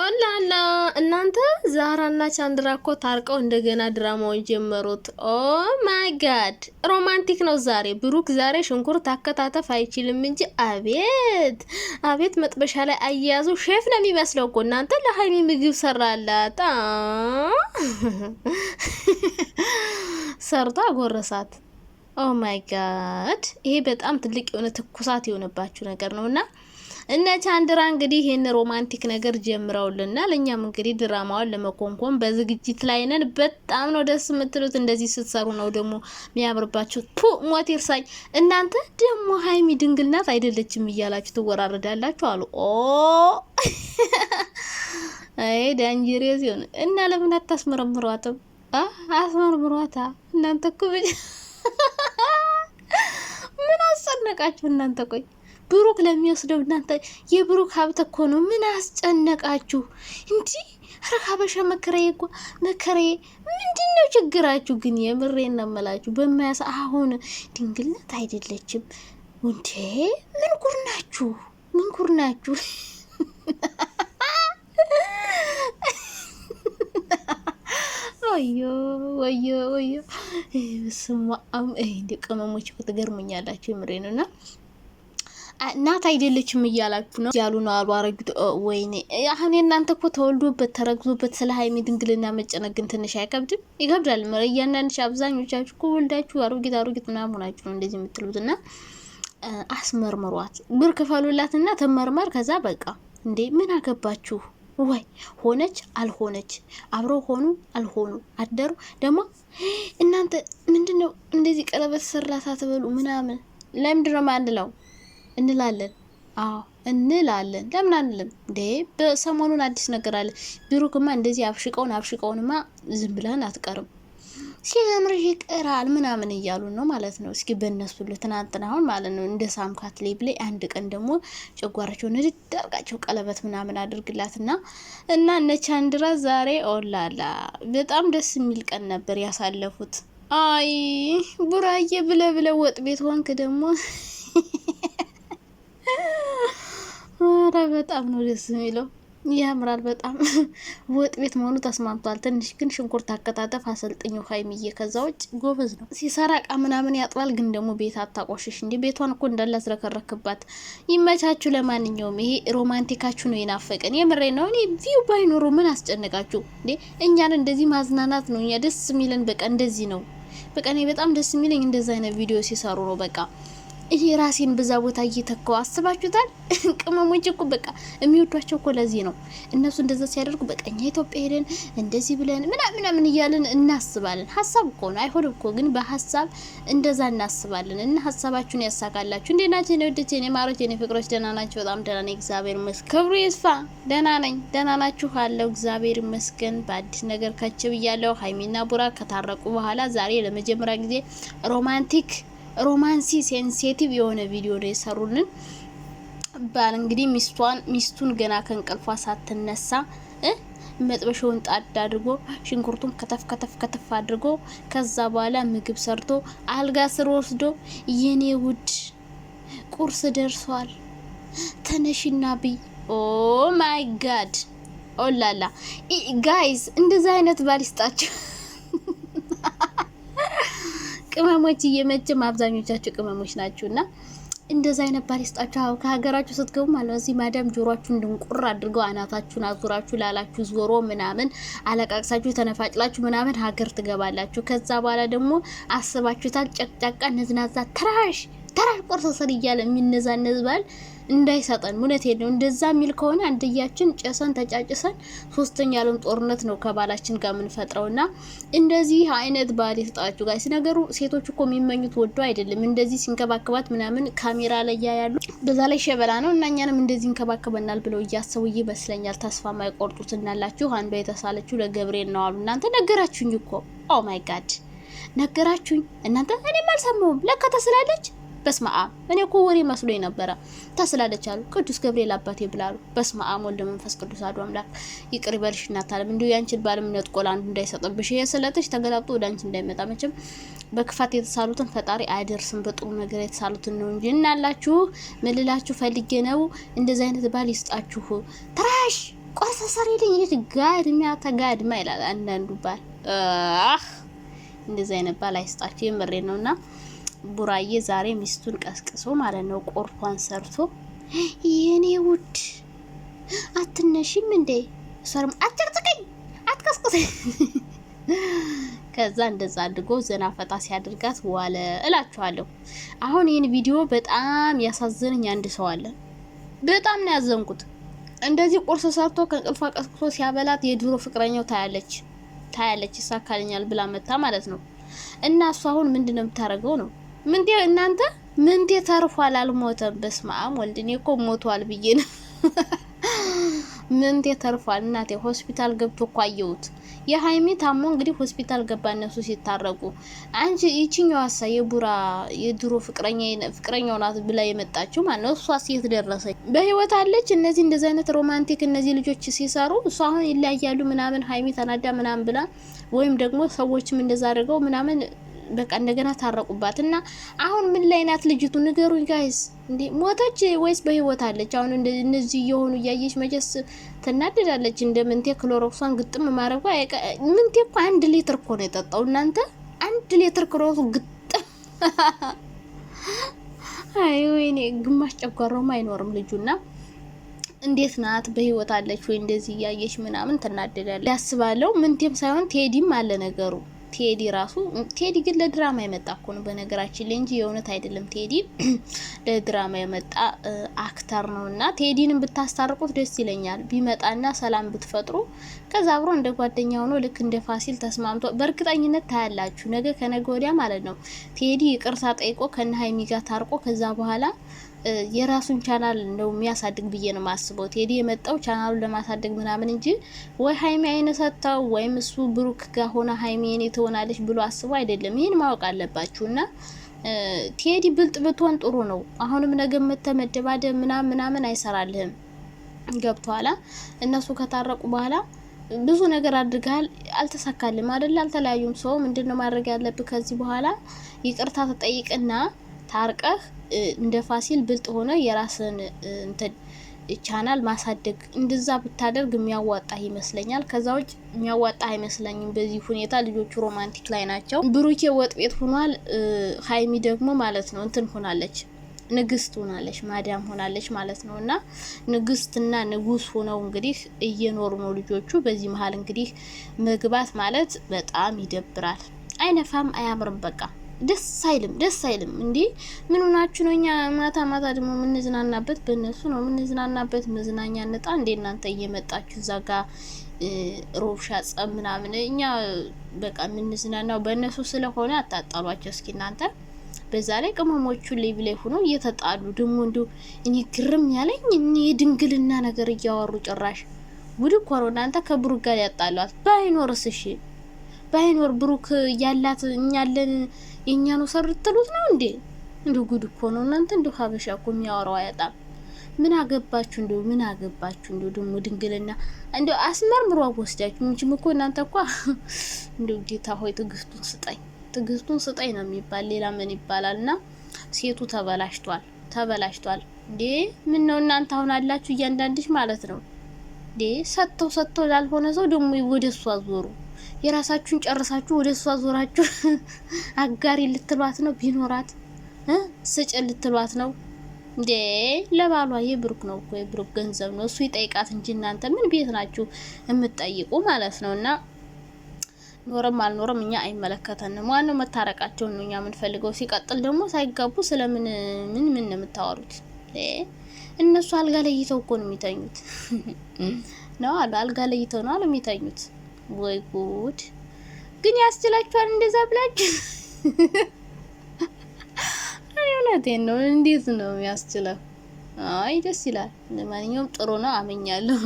ኦላላ እናንተ ዛራና ቻንድራ እኮ ታርቀው እንደገና ድራማውን ጀመሩት። ኦ ማይ ጋድ ሮማንቲክ ነው ዛሬ። ብሩክ ዛሬ ሽንኩርት አከታተፍ አይችልም እንጂ አቤት አቤት መጥበሻ ላይ አያያዙ ሼፍ ነው የሚመስለው እኮ እናንተ። ለሀይሚ ምግብ ሰራላት፣ ሰርቶ አጎረሳት። ኦ ማይ ጋድ ይሄ በጣም ትልቅ የሆነ ትኩሳት የሆነባችሁ ነገር ነው እና እነ ቻንድራ እንግዲህ ይህን ሮማንቲክ ነገር ጀምረውልናል። እኛም እንግዲህ ድራማውን ለመኮንኮን በዝግጅት ላይ ነን። በጣም ነው ደስ የምትሉት። እንደዚህ ስትሰሩ ነው ደግሞ የሚያምርባቸው ፑ ሞት ይርሳኝ እናንተ ደግሞ ሀይሚ ድንግልናት አይደለችም እያላችሁ ትወራረዳላችሁ አሉ ኦ አይ ዳንጀሬስ ሲሆን እና ለምን አታስመረምሯትም? አስመርምሯታ። እናንተ እኮ ምን አስጨነቃችሁ እናንተ ቆይ ብሩክ ለሚወስደው እናንተ የብሩክ ሀብት እኮ ነው። ምን አስጨነቃችሁ? እንዲህ ረካበሻ መከሬ እኮ መከሬ ምንድን ነው ችግራችሁ? ግን የምሬ እናመላችሁ በማያሳ አሁን ድንግልነት አይደለችም እንዴ? ምን ጉር ናችሁ? ምን ጉር ናችሁ? ወዮ ወዮ ወዮ ስማ፣ እንዲ ቅመሞች ትገርሙኛላችሁ። የምሬ ነው እና እናት አይደለችም እያላችሁ ነው እያሉ ነው አሉ አረግ ወይኔ አሁን የእናንተ እኮ ተወልዶበት ተረግዞበት ስለ ሀይሚ ድንግልና መጨነቅ ግን ትንሽ አይከብድም? ይከብዳል። ምረ እያንዳንድሽ አብዛኞቻችሁ እኮ ወልዳችሁ አሮጌት አሮጌት ምናምን ሆናችሁ ነው እንደዚህ የምትሉት። እና አስመርምሯት፣ ብር እና ትመርመር። ከዛ በቃ እንዴ ምን አገባችሁ? ወይ ሆነች አልሆነች፣ አብረው ሆኑ አልሆኑ፣ አደሩ ደግሞ እናንተ ምንድን ነው እንደዚህ ቀለበት ሰራታ ትበሉ ምናምን ለምንድን ነው ማንለው እንላለን። አዎ እንላለን። ለምን አንልም እንዴ? በሰሞኑን አዲስ ነገር አለ። ብሩክማ እንደዚህ አብሽቀውን አብሽቀውንማ ዝም ብለን አትቀርም ሲዘምር ይቀራል ምናምን እያሉ ነው ማለት ነው። እስኪ በእነሱ ትናንትና አሁን ማለት ነው እንደ ሳምካት ላይ ብላይ አንድ ቀን ደግሞ ጨጓራቸውን እንድዳርቃቸው ቀለበት ምናምን አድርግላት ና እና እነ ቻንድራ ዛሬ ኦላላ በጣም ደስ የሚል ቀን ነበር ያሳለፉት። አይ ቡራዬ ብለ ብለ ወጥ ቤት ሆንክ ደግሞ ኧረ በጣም ነው ደስ የሚለው። ያምራል በጣም ወጥ ቤት መሆኑ ተስማምቷል። ትንሽ ግን ሽንኩርት አከታተፍ አሰልጥኝ ሀይሚዬ፣ ከዛ ውጭ ጎበዝ ነው ሲሰራ። እቃ ምናምን ያጥባል፣ ግን ደግሞ ቤት አታቆሽሽ። እንዲህ ቤቷን እኮ እንዳላዝረከረክባት። ይመቻችሁ። ለማንኛውም ይሄ ሮማንቲካችሁ ነው የናፈቀን። የምሬ ነው። እኔ ቪው ባይኖሩ ምን አስጨነቃችሁ እንዴ? እኛን እንደዚህ ማዝናናት ነው እኛ ደስ የሚለን። በቃ እንደዚህ ነው በቃ። እኔ በጣም ደስ የሚለኝ እንደዚ አይነት ቪዲዮ ሲሰሩ ነው በቃ ራሴን በዛ ቦታ እየተከው አስባችሁታል? ቅመሞች እኮ በቃ የሚወዷቸው እኮ ለዚህ ነው። እነሱ እንደዛ ሲያደርጉ በቃ እኛ ኢትዮጵያ ሄደን እንደዚህ ብለን ምናምን ምናምን እያለን እናስባለን። ሀሳብ እኮ ነው፣ አይሆን እኮ ግን በሀሳብ እንደዛ እናስባለን። እና ሀሳባችሁን ያሳካላችሁ። እንዴት ናቸው የኔ ወደች፣ የኔ ማሮች፣ ፍቅሮች? ደህና ናቸው? በጣም ደህና ነኝ፣ እግዚአብሔር ይመስገን። ክብሩ ይስፋ፣ ደህና ነኝ። ደህና ናችሁ አለው፣ እግዚአብሔር ይመስገን። በአዲስ ነገር ከች ብያለሁ። ሀይሚና ቡራ ከታረቁ በኋላ ዛሬ ለመጀመሪያ ጊዜ ሮማንቲክ ሮማንሲ ሴንሴቲቭ የሆነ ቪዲዮ ነው የሰሩልን። ባል እንግዲህ ሚስቷን ሚስቱን ገና ከእንቅልፏ ሳትነሳ መጥበሻውን ጣድ አድርጎ ሽንኩርቱን ከተፍ ከተፍ ከተፍ አድርጎ ከዛ በኋላ ምግብ ሰርቶ አልጋ ስር ወስዶ የኔ ውድ ቁርስ ደርሷል ተነሽና ብይ። ኦ ማይ ጋድ ኦላላ ጋይዝ፣ እንደዚህ አይነት ባል ቅመሞች እየመችም አብዛኞቻችሁ ቅመሞች ናችሁ እና እንደዛ አይነት ባል ይስጣችሁ። ከሀገራችሁ ስትገቡ ማለት ነው። እዚህ ማዳም ጆሮአችሁን ድንቁር አድርገው አናታችሁን አዙራችሁ ላላችሁ ዞሮ ምናምን አለቃቅሳችሁ ተነፋጭላችሁ ምናምን ሀገር ትገባላችሁ። ከዛ በኋላ ደግሞ አስባችሁታል። ጨቅጫቃ ነዝናዛ ትራሽ ተራር ቆርሶ ስር እያለ የሚነዛነዝ ባል እንዳይሰጠን። እውነቴን ነው። እንደዛ የሚል ከሆነ አንደያችን ጨሰን ተጫጭሰን ሶስተኛ ዓለም ጦርነት ነው ከባላችን ጋር የምንፈጥረው። እና እንደዚህ አይነት ባል የሰጣችሁ ጋር ሲነገሩ ሴቶች እኮ የሚመኙት ወዶ አይደለም። እንደዚህ ሲንከባከባት ምናምን ካሜራ ላይ ያያሉ። በዛ ላይ ሸበላ ነው እና እኛንም እንደዚህ እንከባከበናል ብለው እያሰቡ ይመስለኛል ተስፋ ማይቆርጡት እናላችሁ። አንዷ የተሳለችው ለገብርኤል ነው አሉ። እናንተ ነገራችሁኝ እኮ ኦ ማይ ጋድ ነገራችሁኝ እናንተ። እኔም አልሰማሁም ለካ ተስላለች በስመ እኔ እኮ ወሬ መስሎኝ ነበረ ታስላለች አሉ ቅዱስ ገብርኤል አባቴ ብላሉ። በስመ ወልደ መንፈስ ቅዱስ አሐዱ አምላክ ይቅር ይበልሽ እናታለም። እንዲሁ ያንቺን ባለምነት ቆላ አንዱ እንዳይሰጥብሽ ይሄ ተገላብጦ ወደ አንቺ እንዳይመጣ መቼም በክፋት የተሳሉትን ፈጣሪ አይደርስም፣ በጥሩ ነገር የተሳሉትን ነው እንጂ እናላችሁ ምልላችሁ ፈልጌ ነው። እንደዚህ አይነት ባል ይስጣችሁ። ትራሽ ቆርሰ ሰሬልኝ ይች ጋድሚያ ተጋድማ ይላል አንዳንዱ ባል። አህ እንደዚህ አይነት ባል አይስጣችሁ። የምሬ ነው እና ቡራዬ ዛሬ ሚስቱን ቀስቅሶ ማለት ነው ቆርፏን ሰርቶ የኔ ውድ አትነሽም እንዴ? ሰርም አትጨቅጭቀኝ፣ አትቀስቅሰኝ። ከዛ እንደዛ አድርጎ ዘና ፈጣ ሲያደርጋት ዋለ እላችኋለሁ። አሁን ይህን ቪዲዮ በጣም ያሳዝነኝ አንድ ሰው አለ። በጣም ነው ያዘንኩት። እንደዚህ ቁርስ ሰርቶ ከእንቅልፏ ቀስቅሶ ሲያበላት የድሮ ፍቅረኛው ታያለች ታያለች ይሳካልኛል ብላ መታ ማለት ነው። እና እሱ አሁን ምንድን ነው የምታደርገው ነው ምንዴ እናንተ ምንዴ ተርፏል፣ አልሞተም። በስመ አብ ወልድ። እኔ እኮ ሞቷል ብዬ ነው። ምንዴ ተርፏል። እናቴ ሆስፒታል ገብቶ እኮ አየሁት። የሀይሚ ታሞ እንግዲህ ሆስፒታል ገባ፣ እነሱ ሲታረቁ። አንቺ ይችኛው ሀሳ የቡራ የድሮ ፍቅረኛ ፍቅረኛው ናት ብላ የመጣችው ማለት ነው። እሷስ የት ደረሰች? በህይወት አለች? እነዚህ እንደዚህ አይነት ሮማንቲክ እነዚህ ልጆች ሲሰሩ እሷ አሁን ይለያያሉ ምናምን ሀይሚ ተናዳ ምናምን ብላ ወይም ደግሞ ሰዎችም እንደዛ አድርገው ምናምን በቃ እንደገና ታረቁባት እና አሁን ምን ላይ ናት ልጅቱ? ንገሩኝ ጋይስ። እንዴ ሞተች ወይስ በህይወት አለች? አሁን እነዚህ እየሆኑ እያየች መጀስ ትናደዳለች። እንደ ምንቴ ክሎሮክሷን ግጥም ማረጉ ምንቴ እኮ አንድ ሊትር እኮ ነው የጠጣው እናንተ አንድ ሊትር ክሎሮክሱ ግጥም። አይ ወይኔ ግማሽ ጨጓራውም አይኖርም ልጁና እንዴት ናት? በህይወት አለች ወይ? እንደዚህ እያየች ምናምን ትናደዳለች ያስባለው። ምንቴም ሳይሆን ቴዲም አለ ነገሩ ቴዲ ራሱ ቴዲ ግን ለድራማ የመጣ እኮ ነው በነገራችን ላይ እንጂ የእውነት አይደለም። ቴዲ ለድራማ የመጣ አክተር ነው እና ቴዲንም ብታስታርቁት ደስ ይለኛል። ቢመጣና ሰላም ብትፈጥሩ ከዛ አብሮ እንደ ጓደኛ ሆኖ ልክ እንደ ፋሲል ተስማምቶ በእርግጠኝነት ታያላችሁ። ነገ ከነገ ወዲያ ማለት ነው ቴዲ ይቅርታ ጠይቆ ከነ ሀይሚ ጋር ታርቆ ከዛ በኋላ የራሱን ቻናል ነው የሚያሳድግ ብዬ ነው ማስበው። ቴዲ የመጣው ቻናሉን ለማሳደግ ምናምን እንጂ ወይ ሀይሚ አይነ ሰጥታው ወይም እሱ ብሩክ ጋር ሆነ ሀይሚ የኔ ትሆናለች ብሎ አስቦ አይደለም። ይህን ማወቅ አለባችሁ እና ቴዲ ብልጥ ብትሆን ጥሩ ነው። አሁንም ነገ መተህ ምናምን ምናምን አይሰራልህም። ገብቶሃል? እነሱ ከታረቁ በኋላ ብዙ ነገር አድርገሃል፣ አልተሳካልም አደለ? አልተለያዩም። ሰው ምንድን ነው ማድረግ ያለብህ ከዚህ በኋላ ይቅርታ ተጠይቅና ታርቀህ እንደ ፋሲል ብልጥ ሆነ የራስን እንትን ቻናል ማሳደግ እንደዛ ብታደርግ የሚያዋጣ ይመስለኛል። ከዛ ውጭ የሚያዋጣ አይመስለኝም። በዚህ ሁኔታ ልጆቹ ሮማንቲክ ላይ ናቸው። ብሩኬ ወጥ ቤት ሆኗል። ሀይሚ ደግሞ ማለት ነው እንትን ሆናለች፣ ንግስት ሆናለች፣ ማዳም ሆናለች ማለት ነው። እና ንግስትና ንጉስ ሆነው እንግዲህ እየኖሩ ነው ልጆቹ። በዚህ መሀል እንግዲህ መግባት ማለት በጣም ይደብራል። አይነፋም፣ አያምርም። በቃ ደስ አይልም፣ ደስ አይልም። እንዲ ምን ሆናችሁ ነው? እኛ ማታ ማታ ደግሞ የምንዝናናበት በእነሱ ነው የምንዝናናበት። መዝናኛ ነጣ እንዴ እናንተ እየመጣችሁ እዛ ጋ ሮብሻ ጸብ ምናምን። እኛ በቃ የምንዝናናው በእነሱ ስለሆነ አታጣሏቸው እስኪ እናንተ። በዛ ላይ ቅመሞቹ ሌቪ ላይ ሆኖ እየተጣሉ ደግሞ እንዲ እኔ ግርም ያለኝ እኔ የድንግልና ነገር እያወሩ ጭራሽ ውድ እኮ ነው እናንተ። ጋር ያጣሏት ባይኖርስ እሺ ባይኖር ብሩክ ያላት እኛለን የእኛ ነው ሰርትሉት ነው እንዴ? እንዲሁ ጉድ እኮ ነው እናንተ። እንዲሁ ሀበሻ እኮ የሚያወራው አያጣም። ምን አገባችሁ እንዲ ምን አገባችሁ እንዲ ደግሞ ድንግልና እንዲ አስመርምሮ ወስዳችሁ እንጂም እኮ እናንተ እኳ እንዲ ጌታ ሆይ ትግስቱን ስጠኝ፣ ትግስቱን ስጠኝ ነው የሚባል ሌላ ምን ይባላል? እና ሴቱ ተበላሽቷል፣ ተበላሽቷል። እንዴ ምን ነው እናንተ አሁን አላችሁ እያንዳንድሽ ማለት ነው እንዴ ሰጥተው ሰጥተው ላልሆነ ሰው ደግሞ ወደ እሱ አዞሩ። የራሳችሁን ጨርሳችሁ ወደ እሷ ዞራችሁ አጋሪ ልትሏት ነው? ቢኖራት ስጭ ልትሏት ነው እንዴ? ለባሏ የብሩክ ነው እኮ የብሩክ ገንዘብ ነው እሱ ይጠይቃት እንጂ እናንተ ምን ቤት ናችሁ የምትጠይቁ ማለት ነው። እና ኖረም አልኖረም እኛ አይመለከተንም። ዋናው መታረቃቸው ነው እኛ የምንፈልገው። ሲቀጥል ደግሞ ሳይጋቡ ስለምን ምን ምን ነው የምታወሩት? እነሱ አልጋ ለይተው እኮ ነው የሚተኙት ነው አልጋ ለይተው ነው የሚተኙት። ወይ ጉድ ግን ያስችላችኋል እንደዛ ብላችሁ? እውነቴን ነው። እንዴት ነው የሚያስችለው! አይ ደስ ይላል። ለማንኛውም ጥሩ ነው፣ አመኛለሁ።